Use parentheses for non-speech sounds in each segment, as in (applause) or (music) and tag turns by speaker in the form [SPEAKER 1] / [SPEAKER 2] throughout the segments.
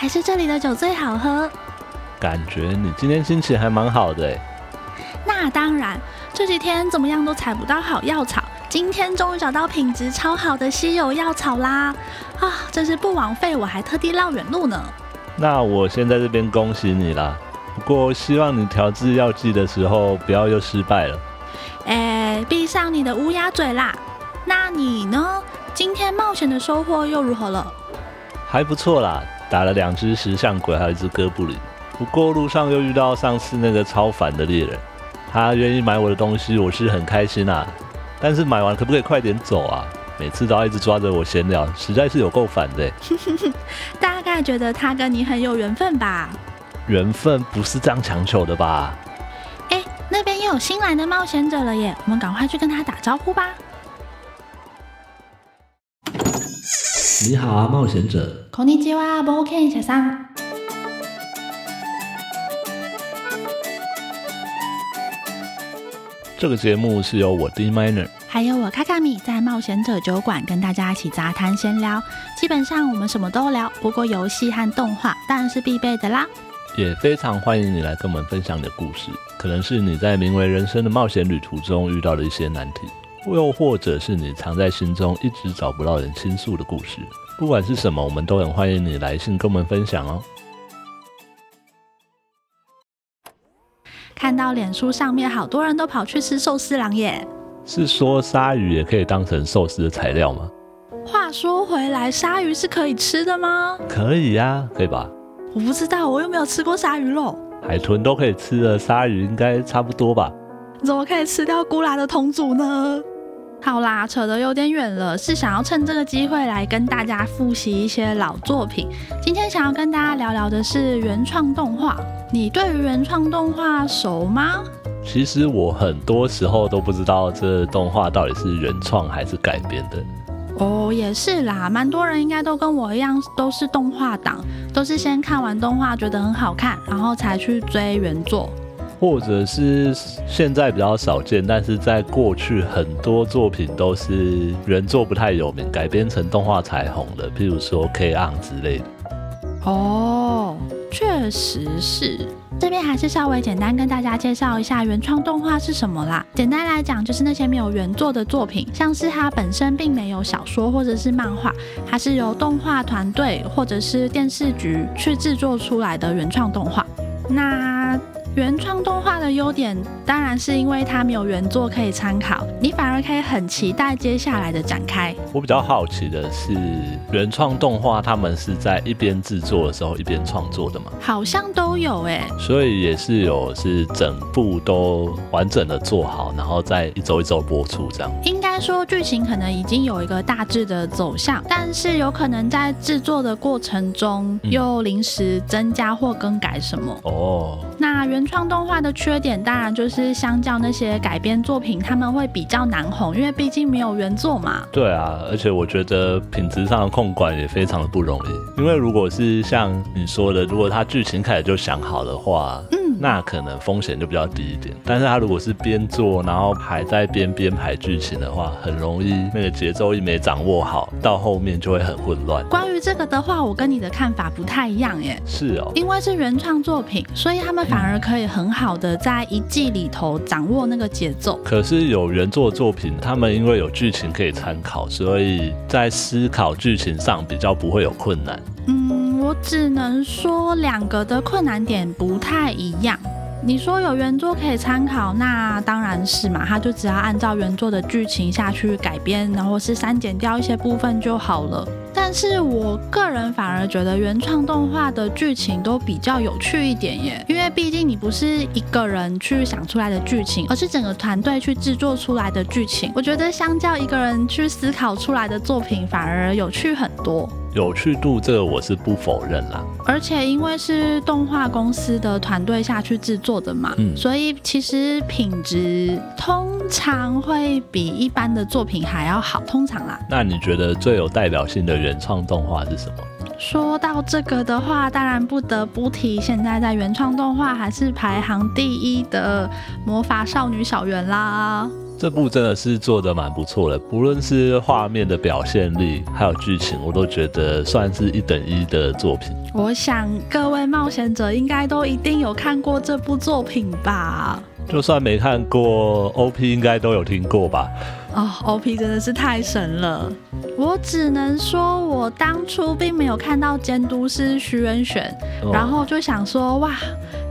[SPEAKER 1] 還是這裡的酒最好喝。
[SPEAKER 2] 感覺你今天心情還蠻好的耶。
[SPEAKER 1] 那當然，這幾天怎麼樣都採不到好藥草，今天終於找到品質超好的稀有藥草啦！啊，真是不枉費，我還特地繞遠路呢。
[SPEAKER 2] 那我先在這邊恭喜你啦。不過希望你調製藥劑的時候不要又失敗了。
[SPEAKER 1] 哎、欸，閉上你的烏鴉嘴啦！那你呢？今天冒險的收穫又如何了？
[SPEAKER 2] 還不錯啦。打了兩隻石像鬼，還有一隻哥布林。不過路上又遇到上次那個超煩的獵人，他願意買我的東西，我是很開心啊。但是買完可不可以快點走啊？每次都要一直抓着我閒聊，實在是有夠煩的、欸。
[SPEAKER 1] (laughs) 大概覺得他跟你很有緣分吧？
[SPEAKER 2] 緣分不是這樣強求的吧？哎、
[SPEAKER 1] 欸，那邊又有新來的冒險者了耶，我們趕快去跟他打招呼吧。
[SPEAKER 2] 你好啊，冒險者。
[SPEAKER 1] こんにちは、冒険者さん。
[SPEAKER 2] 這個節目是由我 D Minor，
[SPEAKER 1] 還有我卡卡米在冒險者酒館跟大家一起雜談閒聊。基本上我們什麼都聊，不過遊戲和動畫當然是必備的啦。
[SPEAKER 2] 也非常歡迎你來跟我們分享你的故事，可能是你在名為人生的冒險旅途中遇到的一些難題。又或者是你藏在心中一直找不到人傾訴的故事，不管是什麼，我們都很歡迎你來信跟我們分享哦。
[SPEAKER 1] 看到臉書上面好多人都跑去吃壽司郎耶，
[SPEAKER 2] 是說鯊魚也可以當成壽司的材料嗎？
[SPEAKER 1] 話說回來，鯊魚是可以吃的嗎？
[SPEAKER 2] 可以呀、啊，可以吧？
[SPEAKER 1] 我不知道，我又沒有吃過鯊魚肉。
[SPEAKER 2] 海豚都可以吃的，鯊魚應該差不多吧？
[SPEAKER 1] 怎麼可以吃掉古拉的同族呢？好啦，扯得有點遠了，是想要趁這個機會來跟大家複習一些老作品。今天想要跟大家聊聊的是原創動畫。你對於原創動畫熟嗎？
[SPEAKER 2] 其實我很多時候都不知道這個動畫到底是原創還是改編的。
[SPEAKER 1] 哦，也是啦，蠻多人應該都跟我一樣，都是動畫黨，都是先看完動畫覺得很好看，然後才去追原作。
[SPEAKER 2] 或者是現在比較少見，但是在過去很多作品都是原作不太有名，改編成動畫才紅的，譬如說《K on》之類的。
[SPEAKER 1] 哦，確實是。這邊還是稍微簡單跟大家介紹一下原創動畫是什麼啦。簡單來講，就是那些沒有原作的作品，像是它本身並沒有小說或者是漫畫，它是由動畫團隊或者是電視局去制作出來的原創動畫。那原創動畫的優點當然是因為它沒有原作，可以參考，你反而可以很期待接下來的展開。
[SPEAKER 2] 我比較好奇的是，原創動畫他們是在一邊製作的時候一邊創作的嗎？
[SPEAKER 1] 好像都有誒、欸，
[SPEAKER 2] 所以也是有是整部都完整的做好，然後再一週一週播出這樣。
[SPEAKER 1] 雖然說劇情可能已經有一個大致的走向，但是有可能在製作的過程中又臨時增加或更改什麼，嗯、
[SPEAKER 2] 哦。
[SPEAKER 1] 那原創動畫的缺點，當然就是相較那些改編作品，他們會比較難紅，因為畢竟沒有原作嘛。
[SPEAKER 2] 對啊，而且我覺得品質上的控管也非常的不容易，因為如果是像你說的，如果他劇情開始就想好的話，嗯，那可能風險就比較低一點。但是他如果是邊做，然後還在邊編排劇情的話，很容易，那個節奏一沒掌握好，到後面就會很混亂。
[SPEAKER 1] 關於這個的話，我跟你的看法不太一樣耶。是哦，因為是原創作品，所以他們反而可以很好的在一季裡頭掌握那個節奏。嗯。
[SPEAKER 2] 可是有原作作品，他們因為有劇情可以參考，所以在思考劇情上比較不
[SPEAKER 1] 會有困難。嗯，我只能說兩個的困難點不太一樣。你說有原作可以參考，那當然是嘛，他就只要按照原作的劇情下去改編，然後是刪減掉一些部分就好了。但是我個人反而覺得原創動畫的劇情都比較有趣一點耶，因為畢竟你不是一個人去想出來的劇情，而是整個團隊去制作出來的劇情。我覺得相較一個人去思考出來的作品，反而有趣很多。
[SPEAKER 2] 有趣度這個我是不否認啦，
[SPEAKER 1] 而且因為是動畫公司的團隊下去制作的嘛，嗯，所以其實品質通常會比一般的作品還要好，通常啦。
[SPEAKER 2] 那你覺得最有代表性的原創動畫
[SPEAKER 1] 是什麼？說到這個的話，當然不得不提現在在原創動畫還是排行第一的《魔法少女小圓》啦。
[SPEAKER 2] 這部真的是做的蠻不錯的，不論是畫面的表現力，還有劇情，我都覺得算是一等一的作品。
[SPEAKER 1] 我想各位冒險者應該都一定有看過這部作品吧？
[SPEAKER 2] 就算沒看過，OP 應該都有聽過吧？
[SPEAKER 1] 哦、oh, OP 真的是太神了！我只能說，我當初並沒有看到監督是虛淵玄，oh. 然後就想說，哇。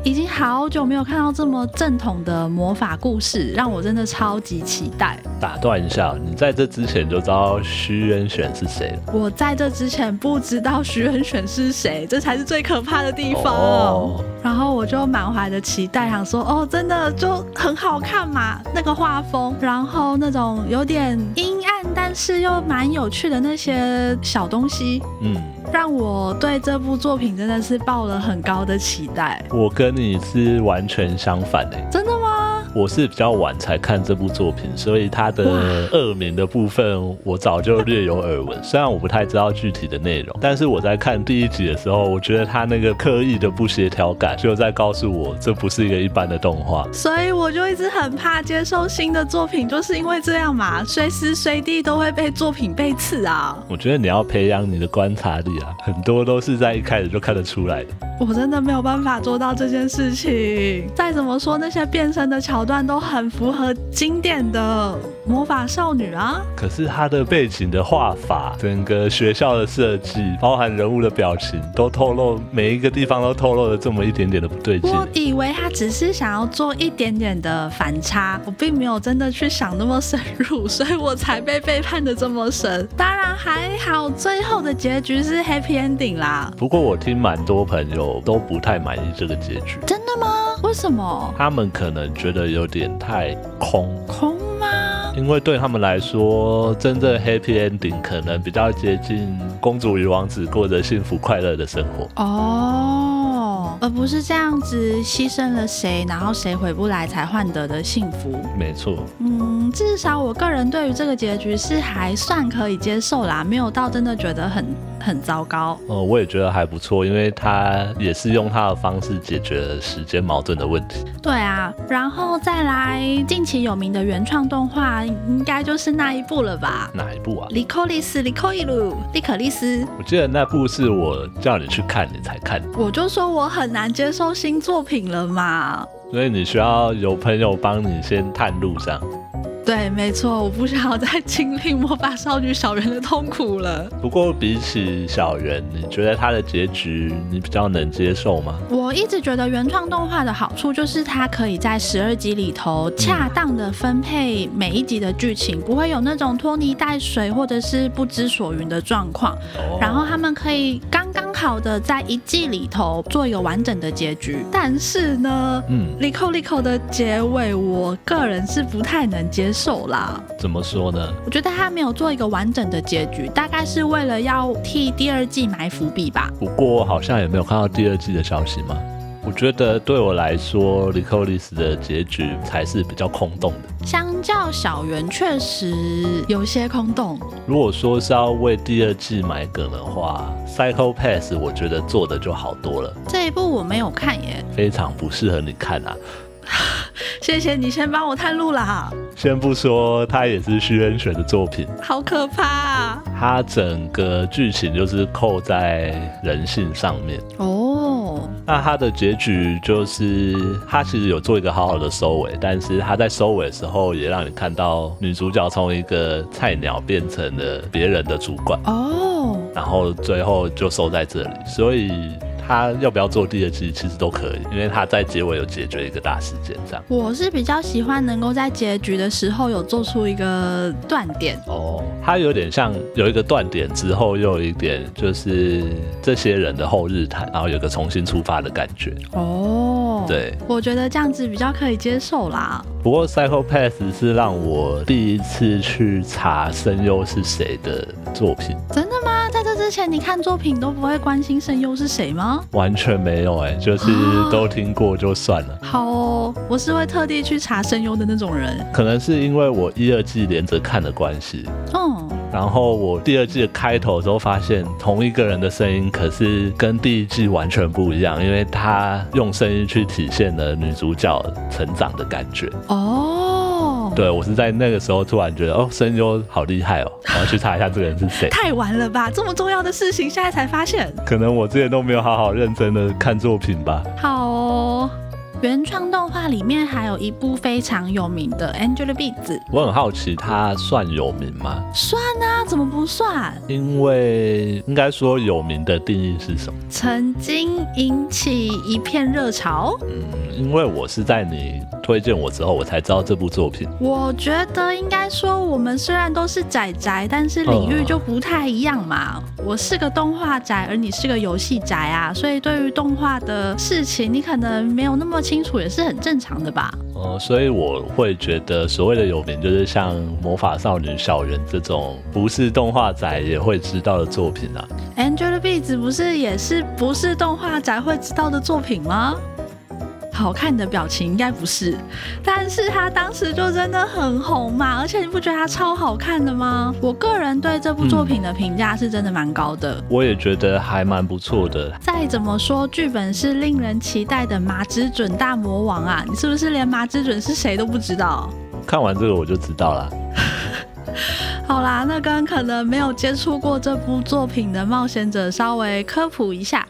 [SPEAKER 1] 已經好久沒有看到這麼正統的魔法故事，讓我真的超級期待。
[SPEAKER 2] 打斷一下，你在這之前就知道虛淵玄是誰了？
[SPEAKER 1] 我在這之前不知道虛淵玄是誰，這才是最可怕的地方、哦。然後我就滿懷的期待，想說，哦，真的就很好看嘛，那個畫風，然後那種有點陰暗，但是又蠻有趣的那些小東西，嗯。讓我對這部作品真的是抱了很高的期待。
[SPEAKER 2] 我跟你是完全相反欸。真的。我是比較晚才看這部作品，所以它的惡名的部分我早就略有耳聞。 (laughs) 雖然我不太知道具體的內容，但是我在看第一集的時候，我覺得它那個刻意的不協調感就在告訴我，這不是一個一般的動畫。
[SPEAKER 1] 所以我就一直很怕接受新的作品，就是因為這樣嘛，隨時隨地都會被作品背刺啊。
[SPEAKER 2] 我覺得你要培養你的觀察力啊，很多都是在一開始就看得出來的。
[SPEAKER 1] 我真的沒有辦法做到這件事情。再怎麼說，那些變身的橋段。段都很符合經典的魔法少女啊，
[SPEAKER 2] 可是她的背景的畫法、整個學校的設計、包含人物的表情，都透露每一個地方都透露了這麼一點點的不對勁。我
[SPEAKER 1] 以為他只是想要做一點點的反差，我並沒有真的去想那麼深入，所以我才被背叛得這麼深。當然還好，最後的結局是 happy ending 啦。
[SPEAKER 2] 不過我聽蠻多朋友都不太滿意這個結局，
[SPEAKER 1] 真的嗎？為什麼？
[SPEAKER 2] 他們可能覺得有點太空空嗎？因為對他們來說，真正 happy ending 可能比較接近公主與王子過着幸福快樂的生活。
[SPEAKER 1] 哦、oh。而不是這樣子犧牲了誰，然後誰回不來才換得的幸福，沒錯。嗯，至少我個人對於這個結局是還算可以接受啦，沒有到真的覺得很很糟糕。
[SPEAKER 2] 呃，我也覺得還不錯，因為他也是用他的方式解決了時間矛盾的問題。
[SPEAKER 1] 對啊，然後再來近期有名的原創動畫，應該就是那一部了吧？
[SPEAKER 2] 哪一部啊？《莉
[SPEAKER 1] 可麗絲》《莉可伊魯》《莉可麗絲》。
[SPEAKER 2] 我記得那部是我叫你去看，你才看
[SPEAKER 1] 的。我就說我很。難接受新作品了嘛？
[SPEAKER 2] 所以你需要有朋友幫你先探路，這樣。
[SPEAKER 1] 對，沒錯，我不想要再經歷《魔法少女小圓》的痛苦了。
[SPEAKER 2] 不過比起小圓，你覺得她的結局你比較能接受嗎？
[SPEAKER 1] 我一直覺得原創動畫的好處就是它可以在十二集裡頭恰當的分配每一集的劇情，嗯、不會有那種拖泥帶水或者是不知所云的狀況。哦、然後他們可以剛好的，在一季裡頭做一個完整的結局，但是呢，嗯，Lico Lico 的結尾，我個人是不太能接受啦。
[SPEAKER 2] 怎麼說呢？
[SPEAKER 1] 我覺得他沒有做一個完整的結局，大概是為了要替第二季埋伏筆吧。
[SPEAKER 2] 不過好像也沒有看到第二季的消息嘛。我覺得對我來說，《Lycoris》的結局才是比較空洞的。
[SPEAKER 1] 相較小圓，確實有些空洞。
[SPEAKER 2] 如果說是要為第二季買梗的話，《Psycho-Pass》我覺得做的就好多了。
[SPEAKER 1] 這一部我沒有看耶，
[SPEAKER 2] 非常不適合你看啊！
[SPEAKER 1] (laughs) 謝謝你先幫我探路啦。
[SPEAKER 2] 先不說，它也是虛淵玄的作品，
[SPEAKER 1] 好可怕啊！嗯，
[SPEAKER 2] 它整個劇情就是扣在人性上面。哦。那他的結局就是，他其實有做一個好好的收尾，但是他在收尾的時候也讓你看到女主角從一個菜鳥變成了別人的主管哦，然後最後就收在這裡，所以。他要不要做第二季，其實都可以，因為他在結尾有解決一個大事件，這樣。
[SPEAKER 1] 我是比較喜歡能夠在結局的時候有做出一個斷點哦，oh,
[SPEAKER 2] 他有點像有一個斷點之後又有一點，就是這些人的後日談，然後有個重新出發的感覺哦。Oh. 對，
[SPEAKER 1] 我覺得這樣子比較可以接受啦。
[SPEAKER 2] 不過 Psycho Pass 是讓我第一次去查聲優是誰的作品。
[SPEAKER 1] 真的嗎？在這之前，你看作品都不會關心聲優是誰嗎？
[SPEAKER 2] 完全沒有哎、欸，就是都聽過就算了、
[SPEAKER 1] 啊。好哦，我是會特地去查聲優的那種人。
[SPEAKER 2] 可能是因為我一二季連着看的關係。
[SPEAKER 1] 嗯。
[SPEAKER 2] 然後我第二季的開頭之後發現，同一個人的聲音，可是跟第一季完全不一樣，因為他用聲音去體現了女主角成長的感覺。
[SPEAKER 1] 哦、oh.，對，
[SPEAKER 2] 我是在那個時候突然覺得，哦，聲優好厲害哦，我要去查一下這個人是誰。 (laughs) 太
[SPEAKER 1] 晚了吧，這麼重要的事情現在才發現。
[SPEAKER 2] 可能我之前都沒有好好認真的看作品吧。
[SPEAKER 1] 好、oh.。原創動畫裡面還有一部非常有名的《Angel Beats》，
[SPEAKER 2] 我很好奇，它算有名嗎？
[SPEAKER 1] 算啊，怎麼不算？
[SPEAKER 2] 因為應該說有名的定義是什麼？
[SPEAKER 1] 曾經引起一片熱潮。嗯，
[SPEAKER 2] 因為我是在你推薦我之後，我才知道這部作品。
[SPEAKER 1] 我覺得應該說，我們雖然都是宅宅，但是領域就不太一樣嘛。嗯啊、我是個動畫宅，而你是個遊戲宅啊，所以對於動畫的事情，你可能沒有那麼。清楚，也是很正常的吧。嗯，
[SPEAKER 2] 所以我會覺得所謂的有名，就是像《魔法少女小圓》這種不是動畫宅也會知道的作品啊。
[SPEAKER 1] Angel Beats 不是也是不是動畫宅會知道的作品嗎？好看的表情應該不是，但是他當時就真的很紅嘛，而且你不覺得他超好看的嗎？我個人對這部作品的評價是真的蠻高的，嗯。
[SPEAKER 2] 我也覺得還蠻不錯的。
[SPEAKER 1] 再怎麼說，劇本是令人期待的麻枝准大魔王啊！你是不是連麻枝准是誰都不知道？
[SPEAKER 2] 看完這個我就知道了。
[SPEAKER 1] (laughs) (laughs) 好啦，那跟可能沒有接觸過這部作品的冒險者稍微科普一下。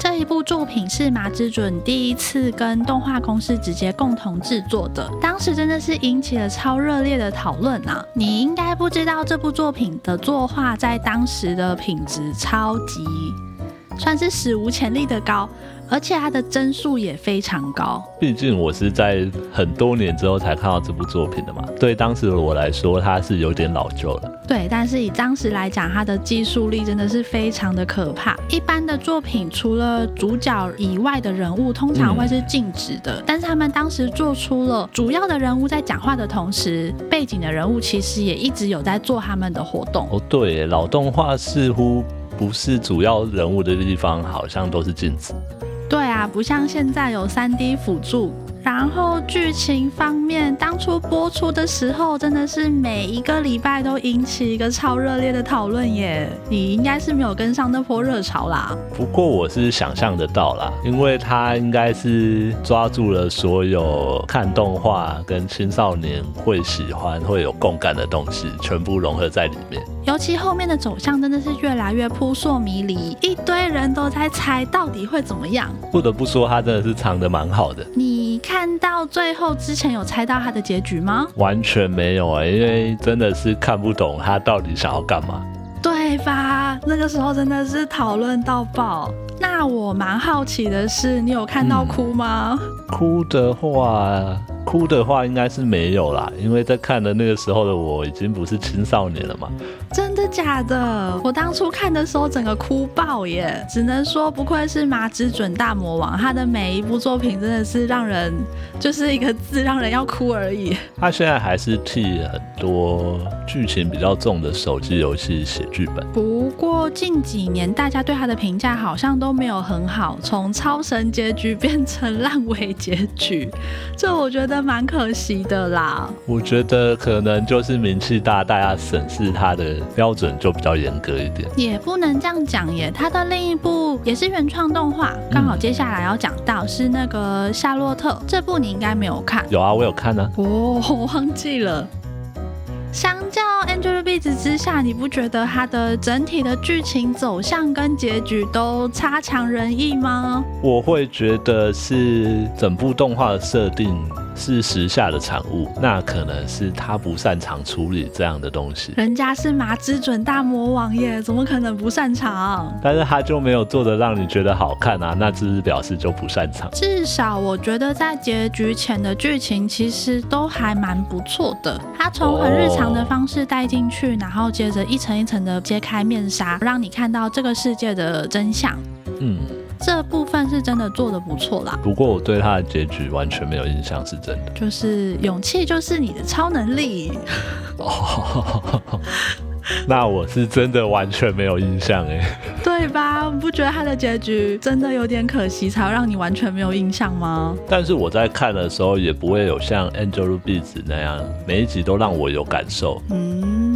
[SPEAKER 1] 這一部作品是麻枝准第一次跟動畫公司直接共同製作的，當時真的是引起了超熱烈的討論啊！你應該不知道這部作品的作畫在當時的品質超級，算是史無前例的高。而且它的幀數也非常高。
[SPEAKER 2] 畢竟我是在很多年之後才看到這部作品的嘛，對當時的我來說，它是有點老舊了。
[SPEAKER 1] 對，但是以當時來講，它的技術力真的是非常的可怕。一般的作品除了主角以外的人物，通常會是靜止的，嗯，但是他們當時做出了主要的人物在講話的同時，背景的人物其實也一直有在做他們的活動。
[SPEAKER 2] 哦，對，老動畫似乎不是主要人物的地方，好像都是靜止。
[SPEAKER 1] 啊，不像現在有 3D 輔助。然後劇情方面，當初播出的時候，真的是每一個禮拜都引起一個超熱烈的討論耶。你應該是沒有跟上那波熱潮啦。
[SPEAKER 2] 不過我是想象得到啦，因為他應該是抓住了所有看動畫跟青少年會喜歡、會有共感的東西，全部融合在裡面。
[SPEAKER 1] 尤其後面的走向真的是越來越撲朔迷離，一堆人都在猜到底會怎麼樣。
[SPEAKER 2] 不得不說，他真的是藏得蠻好的。
[SPEAKER 1] 你看。看到最後之前有猜到他的結局嗎？
[SPEAKER 2] 完全沒有啊，因為真的是看不懂他到底想要幹嘛，
[SPEAKER 1] 對吧？那個時候真的是討論到爆。那我蠻好奇的是，你有看到哭嗎？嗯，
[SPEAKER 2] 哭的話。哭的話應該是沒有啦，因為在看的那個時候的我已經不是青少年了嘛。
[SPEAKER 1] 真的假的？我當初看的時候整個哭爆耶！只能說不愧是麻枝准大魔王，他的每一部作品真的是讓人就是一個字，讓人要哭而已。
[SPEAKER 2] 他現在還是替很多劇情比較重的手機遊戲寫劇本。
[SPEAKER 1] 不過近幾年大家對他的評價好像都沒有很好，從超神結局變成爛尾結局，這我覺得。蠻可惜的啦，
[SPEAKER 2] 我覺得可能就是名氣大，大家審視他的標準就比較嚴格一點。
[SPEAKER 1] 也不能這樣講耶，他的另一部也是原創動畫，嗯、剛好接下來要講到是那個夏洛特這部，你應該沒有看？
[SPEAKER 2] 有啊，我有看呢，啊。
[SPEAKER 1] 哦，我忘記了。相較 Angel Beats 之下，你不覺得它的整體的劇情走向跟結局都差強人意嗎？
[SPEAKER 2] 我會覺得是整部動畫的設定。是時下的產物，那可能是他不擅長處理這樣的東西。人
[SPEAKER 1] 家是麻枝准大魔王耶，怎麼可能不擅長啊？
[SPEAKER 2] 但是他就沒有做得讓你覺得好看啊，那只是表示就不擅長。至
[SPEAKER 1] 少我覺得在結局前的劇情其實都還蠻不錯的，他從很日常的方式帶進去，然後接着一層一層的揭開面紗，讓你看到這個世界的真相。嗯。這部分是真的做得不錯啦，
[SPEAKER 2] 不過我對他的結局完全沒有印象，是真的。
[SPEAKER 1] 就是勇氣就是你的超能力。
[SPEAKER 2] (laughs) (laughs) 那我是真的完全沒有印象哎。
[SPEAKER 1] 對吧？不覺得他的結局真的有點可惜，才讓你完全沒有印象嗎？但是
[SPEAKER 2] 我在看的時候也不會有像 Angel Beats 那樣，每一集都讓我有感受。嗯。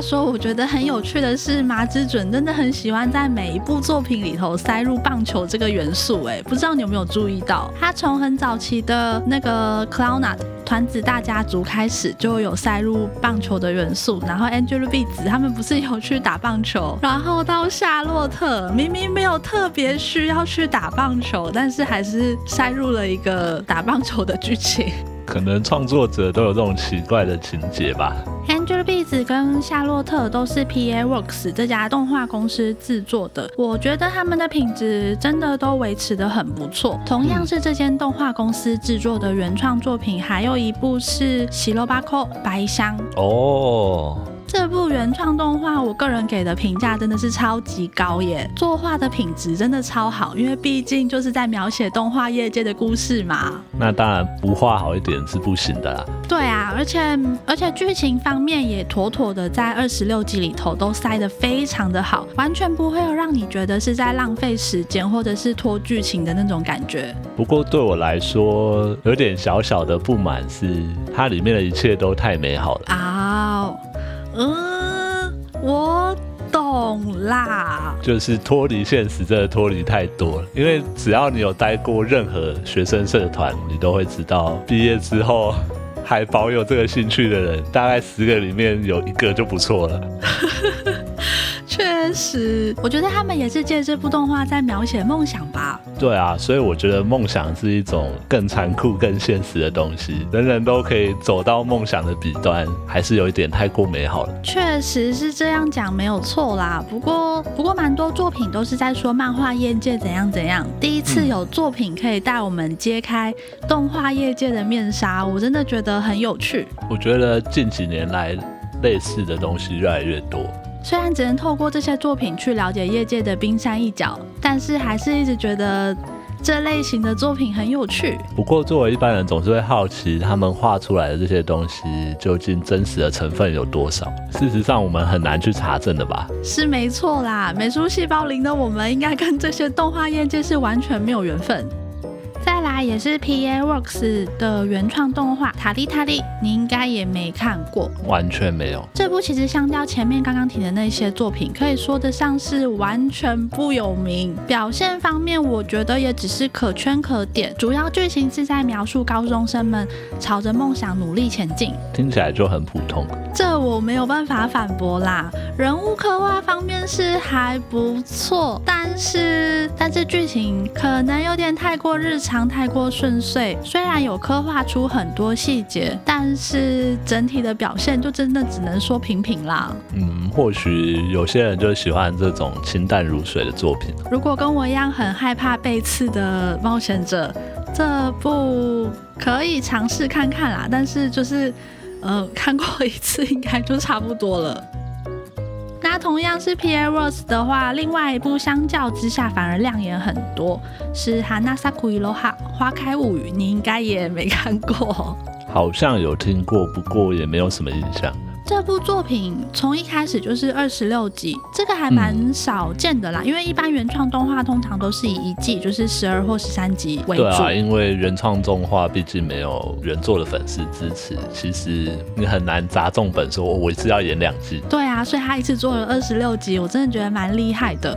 [SPEAKER 1] 他說，我覺得很有趣的是，麻枝準真的很喜歡在每一部作品裡頭塞入棒球這個元素，欸。哎，不知道你有沒有注意到，他從很早期的那個 CLANNAD 團子大家族開始就有塞入棒球的元素。然後 Angel Beats 他們不是有去打棒球，然後到夏洛特，明明沒有特別需要去打棒球，但是還是塞入了一個打棒球的劇情。
[SPEAKER 2] 可能創作者都有這種奇怪的情節吧。
[SPEAKER 1] Angel Beats 跟夏洛特都是 PA Works 這家動畫公司制作的，我覺得他們的品質真的都維持得很不錯。同樣是這間動畫公司制作的原創作品，還有一部是《SHIROBAKO》白香。
[SPEAKER 2] 哦。Oh.
[SPEAKER 1] 這部原創動畫，我個人給的評價真的是超級高耶！作畫的品質真的超好，因為畢竟就是在描寫動畫業界的故事嘛。
[SPEAKER 2] 那當然不畫好一點是不行的
[SPEAKER 1] 啦。對啊，而且而且劇情方面也妥妥的，在二十六集裡頭都塞得非常的好，完全不會有讓你覺得是在浪費時間或者是拖劇情的那種感覺。
[SPEAKER 2] 不過對我來說，有點小小的不滿是，它裡面的一切都太美好
[SPEAKER 1] 了啊。嗯，我懂啦。
[SPEAKER 2] 就是脫離現實，真的脫離太多了。因為只要你有待過任何學生社團，你都會知道，畢業之後還保有這個興趣的人，大概十個裡面有一個就不錯了。 (laughs)
[SPEAKER 1] 是，我覺得他們也是借這部動畫在描寫夢想吧。
[SPEAKER 2] 對啊，所以我覺得夢想是一種更殘酷、更現實的東西。人人都可以走到夢想的彼端，還是有一點太過美好了。
[SPEAKER 1] 確實是這樣講沒有錯啦。不過，不過蠻多作品都是在說漫畫業界怎樣怎樣。第一次有作品可以帶我們揭開動畫業界的面紗，嗯，我真的覺得很有趣。
[SPEAKER 2] 我覺得近幾年來類似的東西越來越多。
[SPEAKER 1] 雖然只能透過這些作品去了解業界的冰山一角，但是還是一直覺得這類型的作品很有趣。
[SPEAKER 2] 不過，作為一般人，總是會好奇他們畫出來的這些東西究竟真實的成分有多少？事實上，我們很難去查證的吧？
[SPEAKER 1] 是沒錯啦，美術細胞零的我們應該跟這些動畫業界是完全沒有緣分。再來也是 PA Works 的原創動畫《塔利塔利》，你應該也沒看
[SPEAKER 2] 過，完全沒有。
[SPEAKER 1] 這部其實相較前面剛剛提的那些作品，可以說得上是完全不有名。表現方面，我覺得也只是可圈可點。主要劇情是在描述高中生們朝着夢想努力前進，
[SPEAKER 2] 聽起來就很普通。
[SPEAKER 1] 這我沒有辦法反駁啦。人物刻畫方面是還不錯，但是但是劇情可能有點太過日常。太過順遂，雖然有刻畫出很多細節，但是整體的表現就真的只能說平平啦。嗯，
[SPEAKER 2] 或許有些人就喜歡這種清淡如水的作品。
[SPEAKER 1] 如果跟我一樣很害怕被刺的冒險者，這部可以嘗試看看啦。但是就是，呃，看過一次應該就差不多了。那同樣是 Pierre Rose 的話，另外一部相較之下反而亮眼很多，是《哈娜薩庫伊羅哈》《花開物語》，你應該也沒看過，
[SPEAKER 2] 好像有聽過，不過也沒有什麼印象。
[SPEAKER 1] 這部作品從一開始就是二十六集，這個還蠻少見的啦，嗯。因為一般原創動畫通常都是以一季就是十二或十三集為主。對啊，
[SPEAKER 2] 因為原創動畫畢竟沒有原作的粉絲支持，其實你很難砸重本說我一次要演兩季。
[SPEAKER 1] 對啊，所以他一次做了二十六集，我真的覺得蠻厲害的。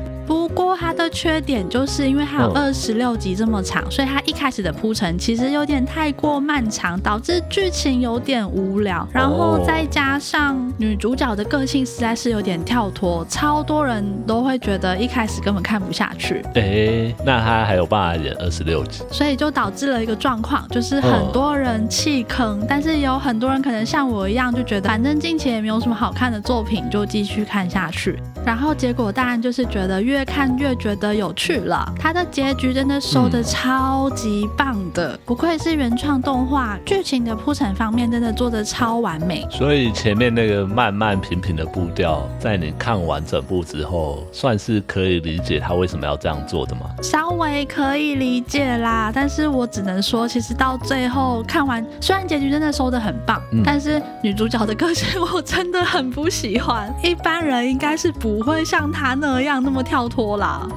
[SPEAKER 1] 不過它的缺點就是因為它有二十六集這麼長，嗯、所以它一開始的鋪陳其實有點太過漫長，導致劇情有點無聊。然後再加上女主角的個性實在是有點跳脫、哦，超多人都會覺得一開始根本看不下去。
[SPEAKER 2] 哎、欸，那他還有辦法演二十六集？
[SPEAKER 1] 所以就導致了一個狀況，就是很多人棄坑、嗯，但是有很多人可能像我一樣就覺得，反正近期也沒有什麼好看的作品，就繼續看下去。然後結果當然就是覺得越看越覺得有趣了。它的結局真的收得超級棒的，嗯，不愧是原創動畫，劇情的鋪陳方面真的做得超完美。
[SPEAKER 2] 所以前面那個慢慢平平的步調，在你看完整部之後，算是可以理解他為什麼要這樣做的嗎？
[SPEAKER 1] 稍微可以理解啦，但是我只能說，其實到最後看完，雖然結局真的收得很棒，嗯，但是女主角的個性我真的很不喜歡，一般人應該是不不會像他那樣那麼跳脫啦。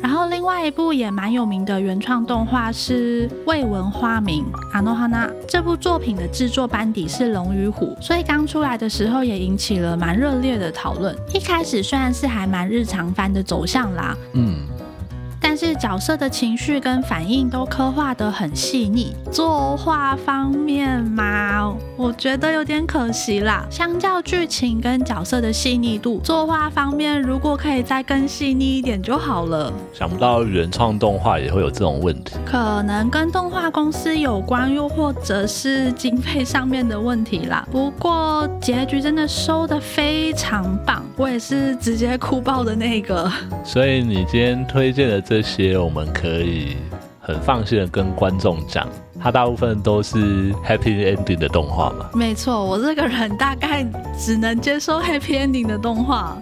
[SPEAKER 1] 然後另外一部也蠻有名的原創動畫是《未聞花名》阿諾哈娜，這部作品的制作班底是龍與虎，所以剛出來的時候也引起了蠻熱烈的討論。一開始雖然是還蠻日常番的走向啦，嗯。但是角色的情緒跟反應都刻畫得很細膩。作畫方面嘛，我覺得有點可惜啦。相較劇情跟角色的細膩度，作畫方面如果可以再更細膩一點就好了。
[SPEAKER 2] 想不到原創動畫也會有這種問題，
[SPEAKER 1] 可能跟動畫公司有關，又或者是經費上面的問題啦。不過結局真的收得非常棒。我也是直接哭爆的那個，
[SPEAKER 2] 所以你今天推薦的這些，我們可以很放心的跟觀眾講，它大部分都是 happy ending 的動畫嘛？
[SPEAKER 1] 沒錯，我這個人大概只能接受 happy ending 的動畫，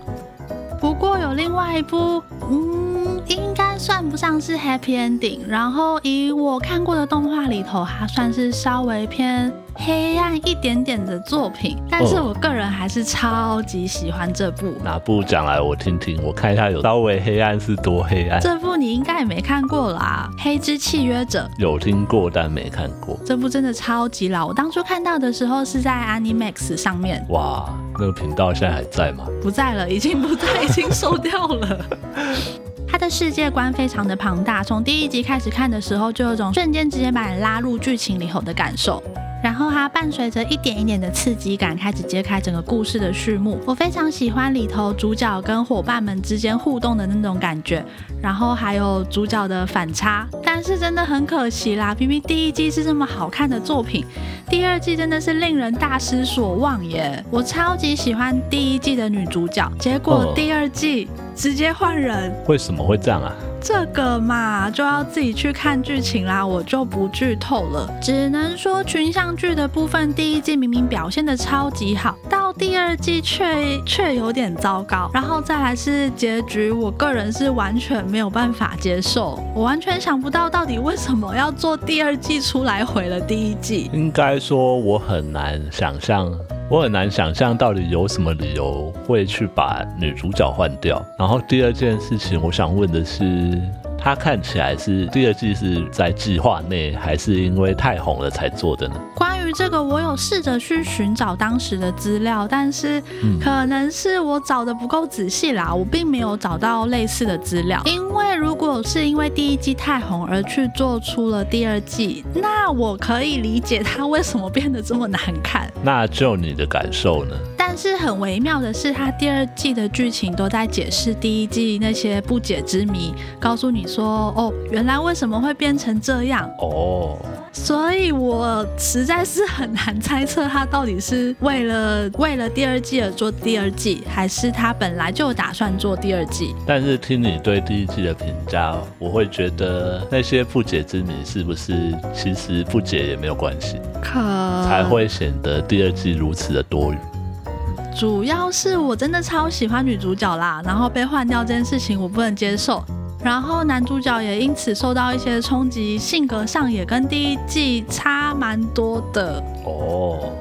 [SPEAKER 1] 不過有另外一部，嗯，應該。算不上是 happy ending，然後以我看過的動畫裡頭，它算是稍微偏黑暗一點點的作品。但是我個人還是超級喜歡這部。哪
[SPEAKER 2] 部講來我聽聽，我看一下有稍微黑暗是多黑暗？這
[SPEAKER 1] 部你應該也沒看過啦啊，《黑之契約者》
[SPEAKER 2] 有聽過，但沒看過。
[SPEAKER 1] 這部真的超級老，我當初看到的時候是在 Animax 上面。
[SPEAKER 2] 哇，那個頻道現在還在嗎？
[SPEAKER 1] 不在了，已經不在，已經收掉了。 (laughs) 這世界觀非常的龐大，從第一集開始看的時候，就有種瞬間直接把你拉入劇情裡頭的感受。然後它伴隨着一點一點的刺激感開始揭開整個故事的序幕。我非常喜歡裡頭主角跟夥伴們之間互動的那種感覺，然後還有主角的反差。但是真的很可惜啦，明明第一季是這麼好看的作品，第二季真的是令人大失所望耶。我超級喜歡第一季的女主角，結果第二季直接換人。哦，
[SPEAKER 2] 為什麼會這樣啊？
[SPEAKER 1] 這個嘛，就要自己去看劇情啦，我就不劇透了。只能說群像劇的部分，第一季明明表現得超級好，到第二季卻卻有點糟糕。然後再來是結局，我個人是完全沒有辦法接受，我完全想不到到底為什麼要做第二季出來毀了第一季。
[SPEAKER 2] 應該說我很難想象。我很難想象到底有什麼理由會去把女主角換掉。然後第二件事情，我想問的是。它看起來是第二季是在計劃內，還是因為太紅了才做的呢？
[SPEAKER 1] 關於這個，我有試着去尋找當時的資料，但是可能是我找得不夠仔細啦，嗯，我並沒有找到類似的資料。因為如果是因為第一季太紅而去做出了第二季，那我可以理解它為什麼變得這麼難看。
[SPEAKER 2] 那就你的感受呢？
[SPEAKER 1] 但是很微妙的是，他第二季的劇情都在解釋第一季那些不解之謎，告訴你說：“哦，原來為什麼會變成這樣？”
[SPEAKER 2] 哦，
[SPEAKER 1] 所以我實在是很難猜測他到底是為了為了第二季而做第二季，還是他本來就打算做第二季。
[SPEAKER 2] 但是聽你對第一季的評價，我會覺得那些不解之謎是不是其實不解也沒有關係，
[SPEAKER 1] 可才
[SPEAKER 2] 會顯得第二季如此的多餘。
[SPEAKER 1] 主要是我真的超喜歡女主角啦，然後被換掉這件事情我不能接受，然後男主角也因此受到一些衝擊，性格上也跟第一季差蠻多的。哦，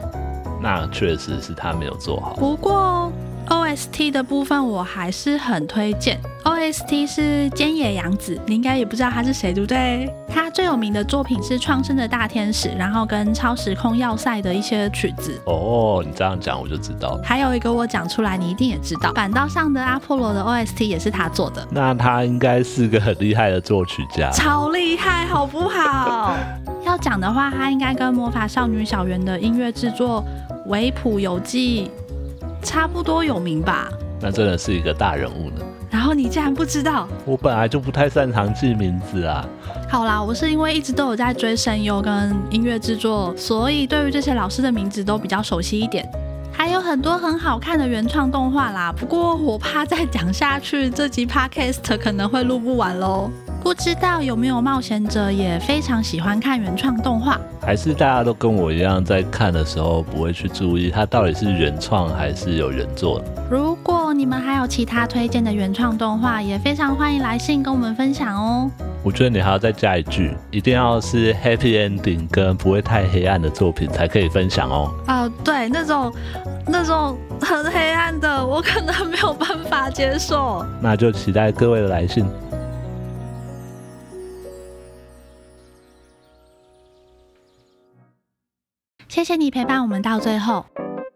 [SPEAKER 2] 那確實是他沒有做好。
[SPEAKER 1] 不過。OST 的部分我還是很推薦。OST 是菅野洋子，你應該也不知道他是誰，對不對？他最有名的作品是《創生的大天使》，然後跟《超時空要塞》的一些曲子。
[SPEAKER 2] 哦，哦，你這樣講我就知道。
[SPEAKER 1] 還有一個我講出來你一定也知道，坂道上的阿波羅的 OST 也是他做的。
[SPEAKER 2] 那他應該是個很厲害的作曲家。
[SPEAKER 1] 超厲害，好不好？ (laughs) 要講的話，他應該跟《魔法少女小圓》的音樂製作梶浦由記。差不多有名吧，
[SPEAKER 2] 那真的是一個大人物
[SPEAKER 1] 呢。然後你竟然不知道，
[SPEAKER 2] 我本來就不太擅長記名字啊。
[SPEAKER 1] 好啦，我是因為一直都有在追聲優跟音樂制作，所以對於這些老師的名字都比較熟悉一點。還有很多很好看的原創動畫啦，不過我怕再講下去，這集 podcast 可能會錄不完嘍。不知道有沒有冒險者也非常喜歡看原創動畫，
[SPEAKER 2] 還是大家都跟我一樣在看的時候不會去注意它到底是原創還是有原作。
[SPEAKER 1] 如果你們還有其他推薦的原創動畫，也非常歡迎來信跟我們分享哦。
[SPEAKER 2] 我覺得你還要再加一句，一定要是 happy ending 跟不會太黑暗的作品才可以分享哦。
[SPEAKER 1] 啊、呃，對，那種那種很黑暗的，我可能沒有辦法接受。
[SPEAKER 2] 那就期待各位的來信。
[SPEAKER 1] 謝謝你陪伴我們到最後，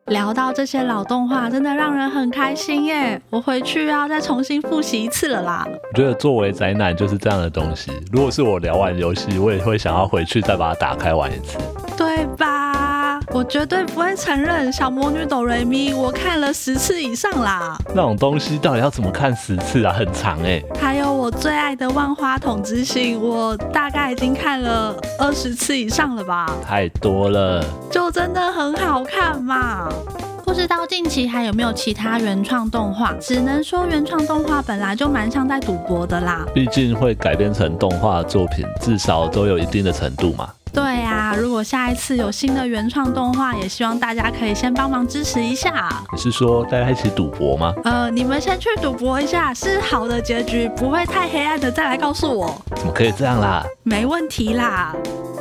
[SPEAKER 1] 聊到這些老動畫，真的讓人很開心耶！我回去要再重新複習一次了啦。
[SPEAKER 2] 我覺得作為宅男就是這樣的東西，如果是我聊完遊戲，我也會想要回去再把它打開玩一次，
[SPEAKER 1] 對吧？我絕對不會承認小魔女哆瑞咪，我看了十次以上啦。
[SPEAKER 2] 那種東西到底要怎麼看十次啊？很長哎、欸。
[SPEAKER 1] 還有。我最愛的《萬花筒之星》，我大概已經看了二十次以上了吧？
[SPEAKER 2] 太多了，
[SPEAKER 1] 就真的很好看嘛。不知道近期還有沒有其他原創動畫？只能說原創動畫本來就蠻像在賭博的啦。
[SPEAKER 2] 畢竟會改編成動畫作品，至少都有一定的程度嘛。
[SPEAKER 1] 對呀，如果下一次有新的原創動畫，也希望大家可以先幫忙支持一下。
[SPEAKER 2] 你是說大家一起賭博嗎？
[SPEAKER 1] 呃，你們先去賭博一下，是好的結局，不會太黑暗的，再來告訴我。
[SPEAKER 2] 怎麼可以這樣啦？
[SPEAKER 1] 沒問題啦。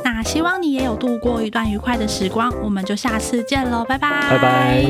[SPEAKER 1] 那希望你也有度過一段愉快的時光，我們就下次見嘍，拜拜，拜拜。